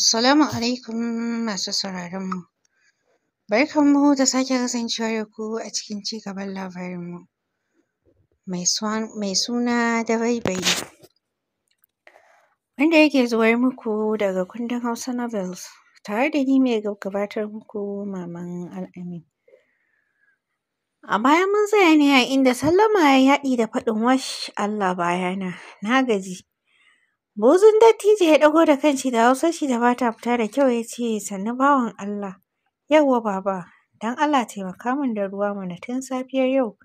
Assalamu alaikum masu sauraron mu. Barkan mu da sake kasancewa da ku a cikin cigaban labarin mu. Mai suna Dabaibayi. Wanda yake zuwar muku daga kundin Hausa Novels tare da ni mai gabatar muku Maman Al'amin. A baya mun tsaya ne a inda Sallama ya yi yaɗi da faɗin wash Allah bayana, na gaji. Buzun dattijo ya ɗago da kanshi da hausar shi da bata fita da kyau ya ce, sannu bawan Allah, yawwa baba, don Allah taimaka min da ruwa mana tun safiyar yau,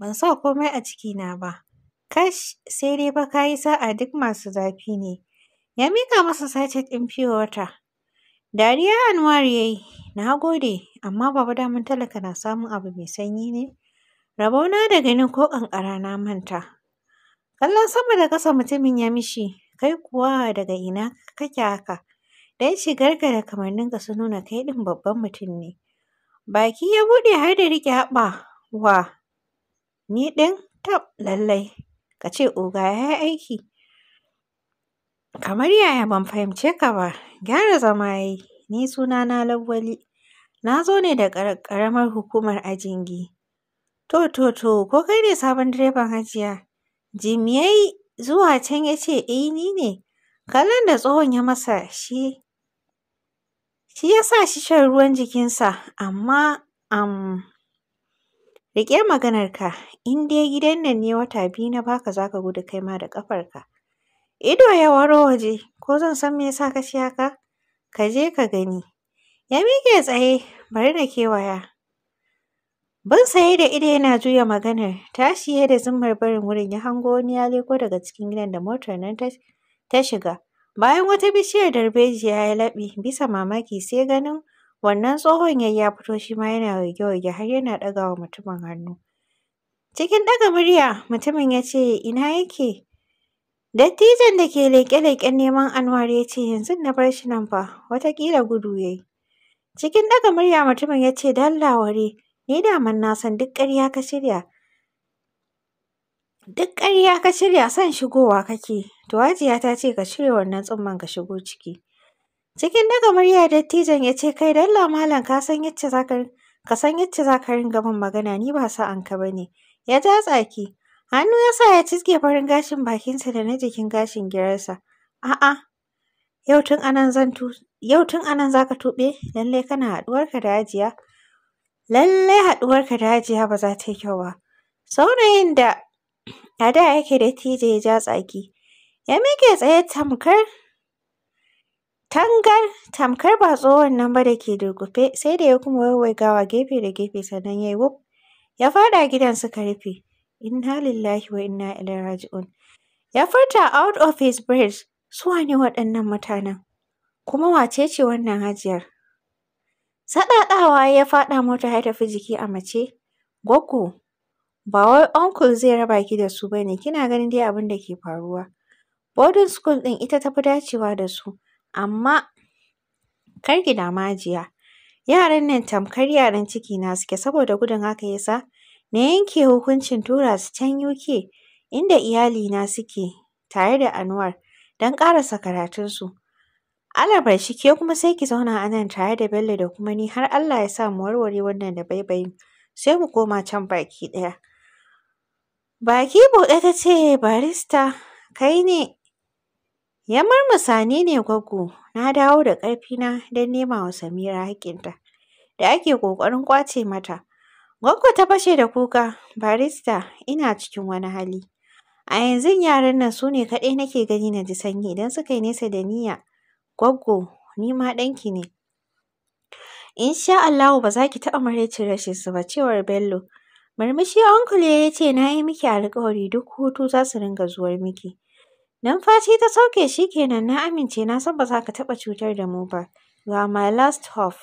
ban sa komai a cikina ba. Kash, sai dai fa ka yi sa'a duk masu zafi ne. Ya mika masa sace ɗin fiye wata. Dariya Anwar ya yi, na gode, amma baba daman talaka na samun abu mai sanyi ne. Rabona da ganin ko ƙanƙara na manta. Kallon sama da ƙasa mutumin ya mishi, Kai kuwa daga ina kake haka? Don shigarka da kamanninka sun nuna kai ɗin babban mutum ne. Baki ya buɗe har da rike haɓa. Wa? Ni ɗin? Tab lallai. Ka ce oga ya yi aiki. Kamar yaya ban fahimce ka ba. Gyara zama yi. Ni na Lawwali. Na zo ne da karamar hukumar Ajingi. To, to, to, ko kai ne sabon direban Hajiya? jimiyai zuwa can ya ce eh ni ne. Kallon da tsohon ya masa shi shi ya sa shi shan ruwan jikinsa amma am riƙe maganarka in dai gidan nan ne wata biyu na baka za ka gudu kai ma da ƙafarka. Ido ya waro waje ko zan san me yasa ka shi haka? Ka je ka gani. Ya miƙe tsaye bari na kewaya Bin saye da ido yana juya maganar, ta shiye da zimmar barin wurin ya hango wani ya leko daga cikin gidan da motar nan ta shiga. Bayan wata bishiyar darbejiya ya laɓi bisa mamaki sai ganin wannan tsohon yayi ya fito shi ma yana waige-waige har yana ɗaga wa mutumin hannu. Cikin ɗaga murya mutumin ya ce, ina yake? Dattijon da ke leƙe-leƙen neman Anwar ya ce, yanzu na bar shi nan fa, wataƙila gudu ya yi. Cikin ɗaga murya mutumin ya ce, dalla ware. Ni daman na san duk ƙarya ka shirya. Duk ƙarya ka shirya son shigowa kake. To Hajiya ta ce ka shirya wannan tsumman ka shigo ciki. Cikin daga murya dattijon ya ce kai dalla malam ka san yacce za ka ka san yacce za ringa min magana ni ba sa'an ka ba ne. Ya ja tsaki. Hannu ya sa ya cizge farin gashin bakinsa da na jikin gashin girarsa. A'a, yau tun anan zan tu yau tun anan za ka tuɓe? Lallai kana haɗuwarka da Hajiya. lallai haɗuwarka da Hajiya ba za ta yi kyau ba. Saurayin da a da yake da TJ ya ja tsaki, ya mike tsaye tamkar tangar tamkar ba tsohon nan ba da ke durgufe, sai da ya kuma waiwaigawa gefe da gefe sannan ya yi wuf, ya faɗa gidan suka rufe. Inna lillahi wa inna ilaihi raji'un. Ya furta out of his breath, su wane waɗannan mutanen? Kuma wace ce wannan Hajiyar? Saɗaɗawa ya faɗa mota ya tafi jiki a mace. goggo. ba wai onkul zai raba ki da su ba ne, kina ganin dai abin da ke faruwa. Boarding school ɗin ita ta fi dacewa da su, amma kar ki damu jiya. Yaran nan tamkar yaran ciki na suke saboda gudun haka ya sa na yanke hukuncin tura su can UK inda iyalina suke tare da anuwar don ƙarasa karatunsu. shi ke kuma sai ki zauna a nan tare da Bello da kuma ni har Allah ya sa mu warware wannan da dabaibayin sai mu koma can baki ɗaya. Baki buɗe ta ce barista kai ne? Ya murmusa ni ne gwaggo na dawo da ƙarfina don nema wa Samira haƙƙinta da ake ƙoƙarin ƙwace mata. Gwaggo ta fashe da kuka barista ina cikin wani hali. A yanzu yaran nan sune ne kaɗai nake gani na ji sanyi idan suka yi nesa da niyya Gwaggo ni ma ɗanki ne. In Allahu ba za ki taɓa maraicin rashin su ba cewar Bello. Murmushi uncle ya ce na yi miki alƙawari duk hutu za su ringa zuwar miki. Numfashi ta sauke shi kenan na amince na san ba za ka taɓa cutar da mu ba. You are my last hope.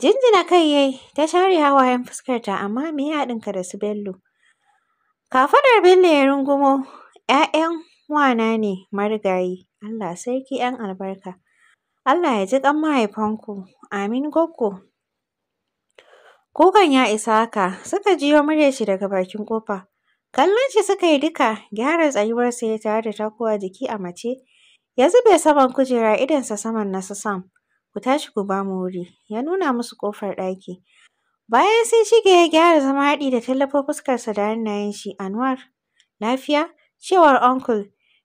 Jinjina kai yayi ta share hawayen fuskarta amma me ya haɗin da su Bello? Kafaɗar Bello ya rungumo ‘ya'yan wana ne marigayi. Allah sarki ‘yan albarka. Allah ya ji ƙan mahaifanku. Amin Goggo. Kukan ya isa haka, suka jiyo murya shi daga bakin ƙofa. Kallon shi suka yi duka, gyara tsayuwarsa ya tare da takowa jiki a mace. Ya zube saman kujera idonsa saman na sasam, Sam. Ku tashi ku ba mu wuri. Ya nuna musu ƙofar ɗaki. Bayan sun shige ya gyara zama haɗi da tallafo fuskarsa da hannayen shi, Anwar, lafiya? Cewar uncle.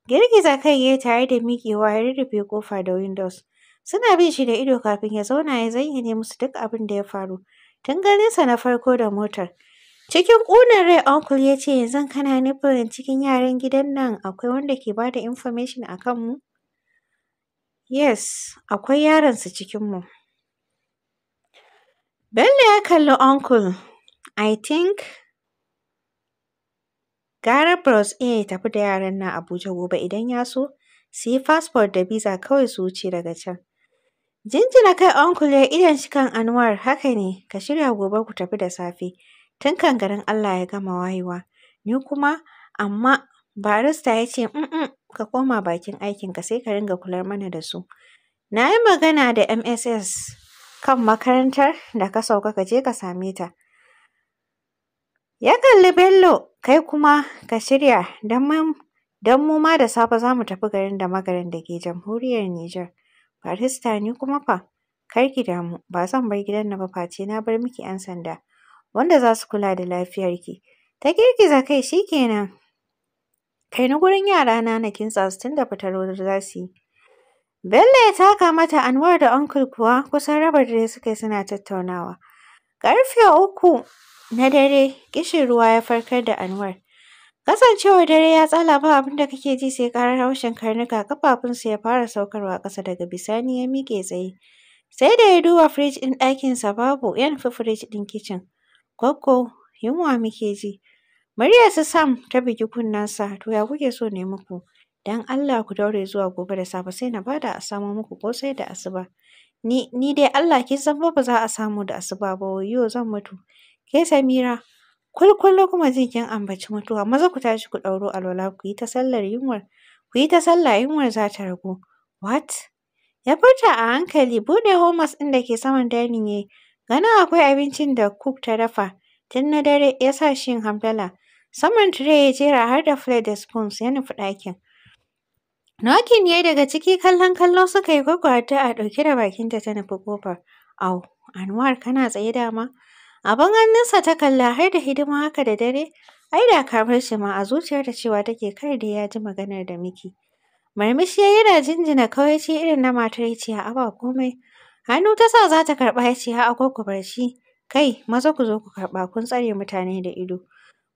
Girgiza kai ya tare da miƙewa ya rurrufe ƙofa da windows. Suna bin shi da ido kafin ya zauna ya zayyane musu duk abin da ya faru. Tun ganinsa na farko da motar. Cikin ƙunar rai uncle ya ce yanzu kana nufin cikin yaran gidan nan akwai wanda ke ba da information a kanmu? Yes, akwai yaransu cikinmu. Bello ya kalli uncle. I think gara Bros A ya tafi da yaran nan Abuja gobe idan ya so su yi fasfot da biza kawai su wuce daga can. Jinjina kai Uncle ya idon shi kan Anwar, haka ne, ka shirya gobe ku tafi da safe, tun kan garin Allah ya gama wayewa. Ni kuma, amma barista ya ce, mm ka koma bakin aikinka sai ka ringa kular mana da su." Na yi magana da MSS kan makarantar da ka sauka ka je ka same ta. Ya kalli Bello, kai kuma ka shirya don mu ma da safe za mu tafi garin da magarin da ke jamhuriyar Nijar. Farista ne kuma fa? Kar ki damu, ba zan bar gidan nan ba face na bar miki 'yan sanda wanda za su kula da lafiyar ki? Ta girgiza kai shi kenan. Kai ni gurin yarana na kintsa su tunda fitarwar za su yi. Bello ya taka mata Anwar da Uncle kuwa kusan rabar dare suka suna tattaunawa. Karfe uku na dare kishin ruwa ya farkar da Anwar. Kasancewar dare ya tsala ba abin da kake ji sai karar haushin karnuka kafafunsa ya fara saukarwa ƙasa daga bisani ya miƙe tsaye. Sai da ya duba firij ɗin ɗakinsa babu ya nufi firij ɗin kicin. Gwaggo yunwa muke ji. Muryarsa Sam ta bugi kunnensa to ya kuke so ne muku? Dan Allah ku daure zuwa gobe da safe sai na bada a samo muku sai da asuba. Ni ni dai Allah ki san ba za a samu da asuba ba yau zan mutu. Ke Samira kuma Lukman kin ambaci mutuwa, maza ku tashi ku ɗauro alwala ku yi ta sallar yunwar, ku yi ta sallah yunwar za ta ragu. What? Ya furta a hankali buɗe Homas, ɗin da ke saman dining yayi, ganin akwai abincin da cook ta dafa tun na dare ya sa shi yin hamdala. Saman tire ya jera har da plate da spoons ya nufi ɗakin. Nokin ya daga ciki kallon kallon suka yi gwaggwata a ɗauke da bakinta ta nufi ƙofar. Au, Anwar kana tsaye dama? A Abin hannunsa ta kalla har da hidima haka da dare. Ai da kamar shi ma a zuciyarta cewa take kar da ya ji maganar da miki. Marmishi yana jinjina kawai ce irin na matar ya ce a'a ba komai. Hannu ta sa za ta karɓa ya ce a'a ko ku bar shi. Kai maza ku zo ku karɓa kun tsare mutane da ido.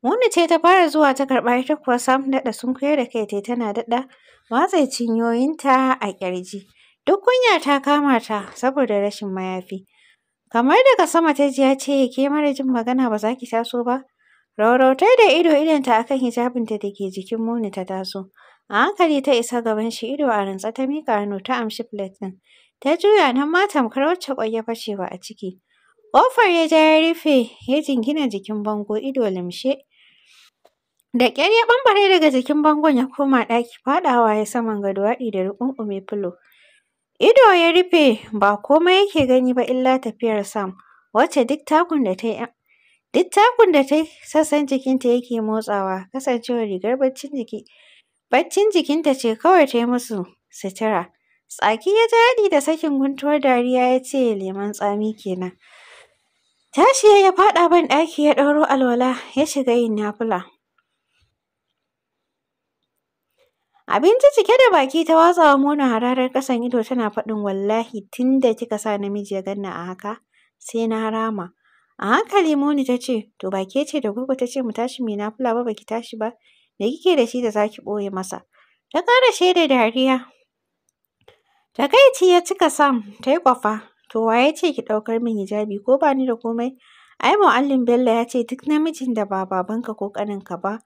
Wanda ce ta fara zuwa ta karɓa ita kuwa sam daɗa sun koyar da kai tana daɗa matse cinyoyinta a ƙirji. Duk kunya ta kama ta saboda rashin mayafi. Kamar daga sama ta ji ya ce, ke mara jin magana ba za ki taso ba? Raurautai da ido idonta akan hijabinta da ke jikin Muni ta taso. A hankali ta isa gaban shi ido a rantsa ta miƙa hannu ta amshi plate ɗin. Ta juya nan ma tamkar wacce ƙwai ya fashewa a ciki. Ƙofar ya ja ya rufe ya jingina jikin bango ido limshe. Da ƙyar ya ɓambare daga jikin bangon ya koma ɗaki faɗawa ya saman gado haɗi da ruƙunƙume filo. Ido ya rufe ba komai yake gani ba illa tafiyar Sam wacce duk takun da ta duk takun da ta sassan jikinta yake motsawa kasancewar rigar baccin jiki baccin jikinta ce kawai ta yi musu sutura. Tsaki ya ji haɗi da sakin guntuwar dariya ya ce lemon tsami kenan. Tashi ya faɗa ban ɗaki ya ɗauro alwala ya shiga yin nafula Abinci cike da baki ta watsawa Mona hararar ƙasan ido tana faɗin wallahi tun da kika sa namiji ya ganna a haka sai na rama. A hankali Moni ta ce to ba ke ce da gurgu ta ce mu tashi mai nafila ba ki tashi ba me kike da shi da za ki ɓoye masa. Ta ƙara shaida dariya. Ta kaici ya cika Sam ta yi ƙwafa to wa ya ce ki ɗaukar min hijabi ko ba ni da komai. Ai Muallim Bello ya ce duk namijin da ba babanka ko ƙaninka ba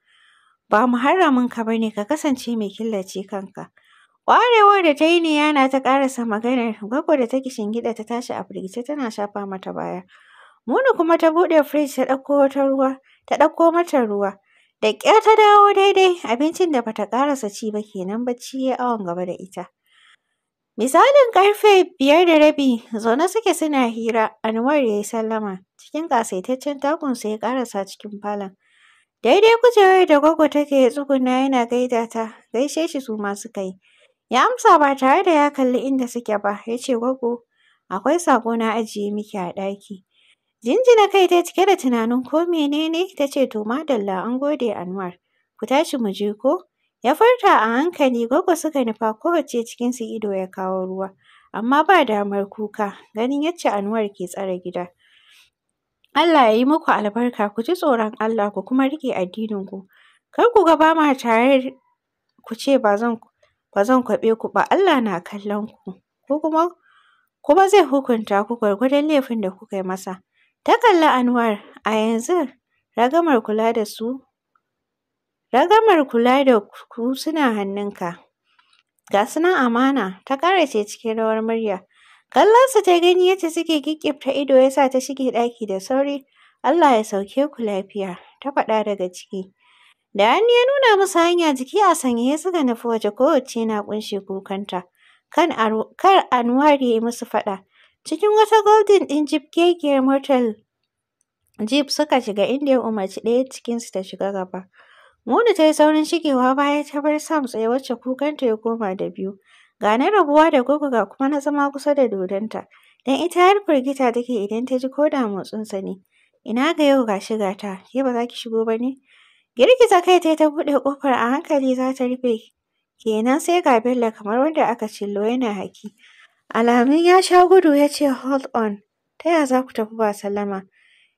ba muharraminka ba ne ka kasance mai killace kanka. Ƙwarewar da ta yi ne yana ta ƙarasa maganar, gwaggo da ta take shingiɗa ta tashi a firgice tana shafa mata baya. Munu kuma ta buɗe firij ta ɗauko wata ruwa, ta ɗauko mata ruwa. Da ƙya ta dawo daidai, abincin da bata ƙarasa ci ba kenan bacci ya awon gaba da ita. Misalin ƙarfe biyar da rabi, zaune suke suna hira, Anwar ya yi sallama, cikin ƙasaitaccen takunsa ya ƙarasa cikin falon. Daidai kujerar da Gwaggo take tsuguna yana gaida ta, gaishe shi su ma suka yi. Ya amsa ba tare da ya kalli inda suke ba, ya ce Gwaggo, akwai saƙo na ajiye miki a ɗaki. Jinjina kai ta cike da tunanin ko menene, ta ce to madalla an gode Anwar, ku tashi mu je ko? Ya farta a hankali Gwaggo suka nufa kowacce cikinsu ido ya kawo ruwa, amma ba damar kuka, ganin yacce Anwar ke tsare gida. Allah ya yi muku albarka, ku ji tsoron Allah ku kuma riƙe addininku. Kar ku ga ba ma tare ku ce ba zan ba zan kwaɓe ku ba, Allah na kallon ku, ko kuma kuma zai hukunta ku gwargwadon laifin da kuka yi masa. Ta kalli Anwar, a yanzu ragamar kula da su ragamar kula da ku suna hannunka. Ga su amana, ta ƙara ce cikin rawar murya. Kallonsa ta gani yadda suke kikkifta ido ya sa ta shige ɗaki da sauri. Allah ya sauke ku lafiya, ta faɗa daga ciki. Da hannu ya nuna musu hanya jiki a sanye sanyaye suka nufi waje kowacce na ƙunshe kukanta. Kan kar Anwar ya yi musu faɗa. Cikin wata golden ɗin keke motar jeep suka shiga inda ya umarci ɗaya cikinsu ta shiga gaba. Muni ta yi saurin shigewa baya ta bar Sam tsaye wacce kukanta ya koma da biyu. Ga na rabuwa da gogo ga kuma na zama kusa da dodonta. Don ita har firgita take idan ta ji ko da sa ne. Ina ga yau ga shi ga ta, ke ba za ki shigo ba ne? Girgiza kai ta yi ta buɗe kofar a hankali za ta rufe. Kenan sai ga Bello kamar wanda aka cillo yana haki. Alamun ya sha gudu ya ce hold on, ta ya za ku tafi ba sallama?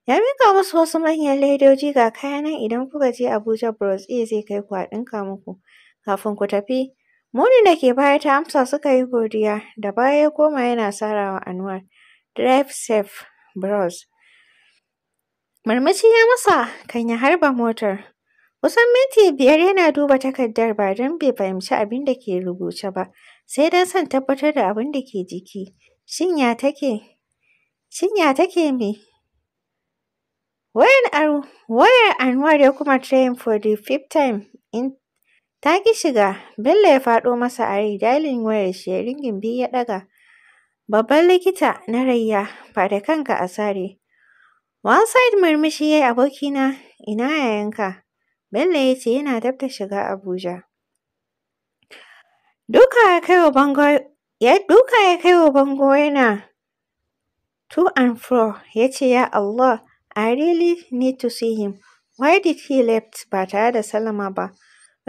Ya miƙa musu wasu manyan ledoji ga kayanan idan kuka je Abuja Bros A zai kai ku a ɗinka muku kafin ku tafi. muni da ke baya ta amsa suka yi godiya, da baya ya koma yana sarawa Anwar. Drive safe bros. Murmushi ya masa kan ya harba motar. Kusan minti biyar yana duba takardar ba don bai fahimci abin da ke rubuce ba, sai don son tabbatar da abin da ke jiki. Shin ya take? Shin ya take me? Wayar Anwar ya kuma train for the fifth time in Ta ƙi shiga. Bello ya faɗo masa a rai. dalin wayar shi ya ringin biyu ya ɗaga. Babban likita na rayya, da kanka a sare. One side murmushi yayi abokina, ina yayanka? Bello ya ce yana dab da shiga Abuja. Duka ya kaiwa bango ya duka ya kaiwa bango yana to and fro ya ce ya Allah I really need to see him. Why did he left ba tare da Salama ba?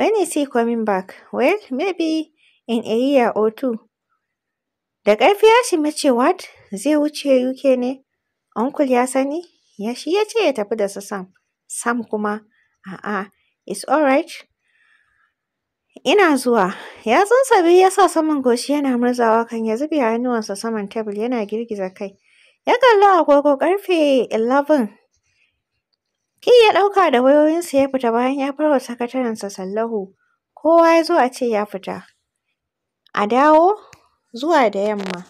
When is he coming back? Well, maybe in a year or two. Da ƙarfi ya ya ce what? Zai wuce UK ne? Uncle ya sani? Ya shi ya ce ya tafi da su Sam. Sam kuma, a'a, it's alright. Ina zuwa. Ya sabi ya sa saman goshi yana murzawa kan ya zube hannuwansa saman tebul yana girgiza kai. Ya kalli agogo ƙarfe 11 Ki ya ɗauka da wayoyinsa ya fita bayan ya farwa sakatarensa sallahu. Kowa ya zo a ce ya fita. A dawo zuwa da yamma.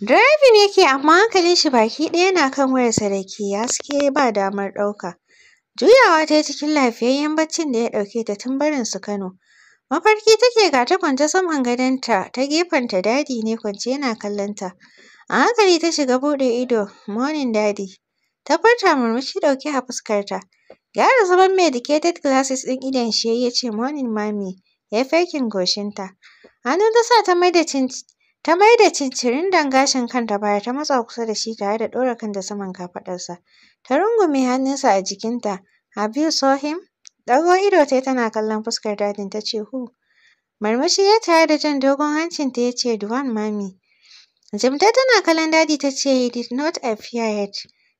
Direbin yake amma hankalin shi baki ɗaya yana kan wayarsa da ke haske ba damar ɗauka. Juyawa ta yi cikin lafiyayyen baccin da ya ɗauke ta tun su Kano. Mafarki take ga ta kwance saman gadonta ta gefenta dadi ne kwance yana kallonta. A hankali ta shiga buɗe ido, "Morning Daddy," ta furta murmushi ɗauke a fuskarta. Gyara zaman medicated glasses ɗin idon shi yayi ya ce, "Morning Mommy," ya yi fakin goshinta. Hannu ta sa ta maida ta maida cincirinden gashin kanta baya ta matsa kusa da shi tare da ɗora kanta saman kafaɗarsa. Ta rungume hannunsa a jikinta. "Have you saw him?" Ɗago ido tayi tana kallon fuskar Dadin ta ce, "Who?" Murmushi ya tare da jan dogon hancinta ya ce, "The one Mommy." Jimta tana kallon Dadi ta ce, He did not appear yet.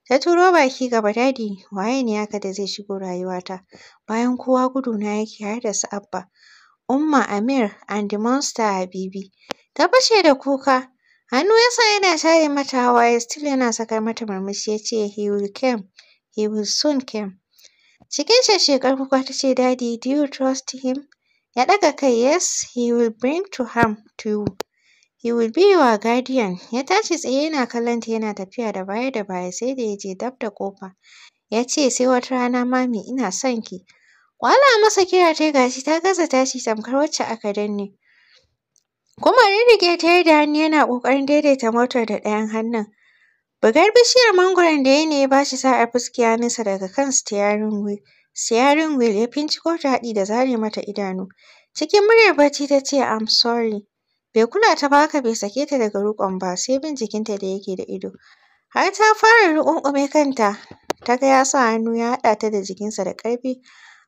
Ta turo baki gaba Dadi, waye ne haka da zai shigo rayuwata? Bayan kowa gudu na yake har da su Abba, Umma Amir and the monster Habibi. Ta fashe da kuka. Hannu ya sa yana share mata hawaye still yana sakar mata murmushi ya ce, He will come. He will soon come. Cikin shekar kuka ta ce, Daddy, do you trust him? Ya ɗaga kai, yes, he will bring to harm to you. he will be your guardian. Ya tashi tsaye yana kallonta yana tafiya da baya da baya sai da ya je dab da ƙofa. Ya ce sai wata rana mami ina son ki. Kwala masa kira ta gashi ta gaza tashi tamkar wacce aka danne. Kuma rirrige ta da hannu yana ƙoƙarin daidaita motar da ɗayan hannun. Bugar bishiyar mangoron da ya ne ya ba shi sa'ar fuske hannunsa daga kan steering wheel. Steering wheel ya finciko ta haɗi da zare mata idanu. Cikin muryar bacci ta ce I'm sorry. Bai kula ta ba haka bai sake ta daga riƙon ba sai bin jikinta da yake da ido. Har ta fara ruƙunƙume kanta ta ga ya sa hannu ya haɗa ta da jikinsa da ƙarfi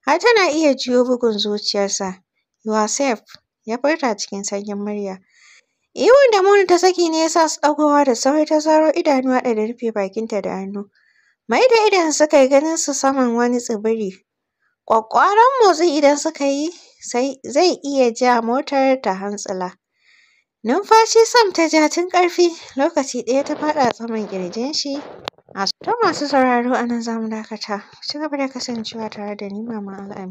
har tana iya jiyo bugun zuciyarsa. You are ya furta cikin sanyin murya. Ihun da Muni ta saki ne ya sa su ɗagowa da sauri ta zaro idanu haɗa da rufe bakinta da hannu. Mai da idon suka yi ganin su saman wani tsibiri. Ƙwaƙƙwaran motsi idan suka yi sai zai iya ja motar ta hantsila. Numfashi Sam ta ja tun ƙarfi, lokaci ɗaya ta faɗa saman ƙirjin shi. To masu sauraro a nan za mu dakata. Ku ci gaba da kasancewa tare da ni Maman Al'amin.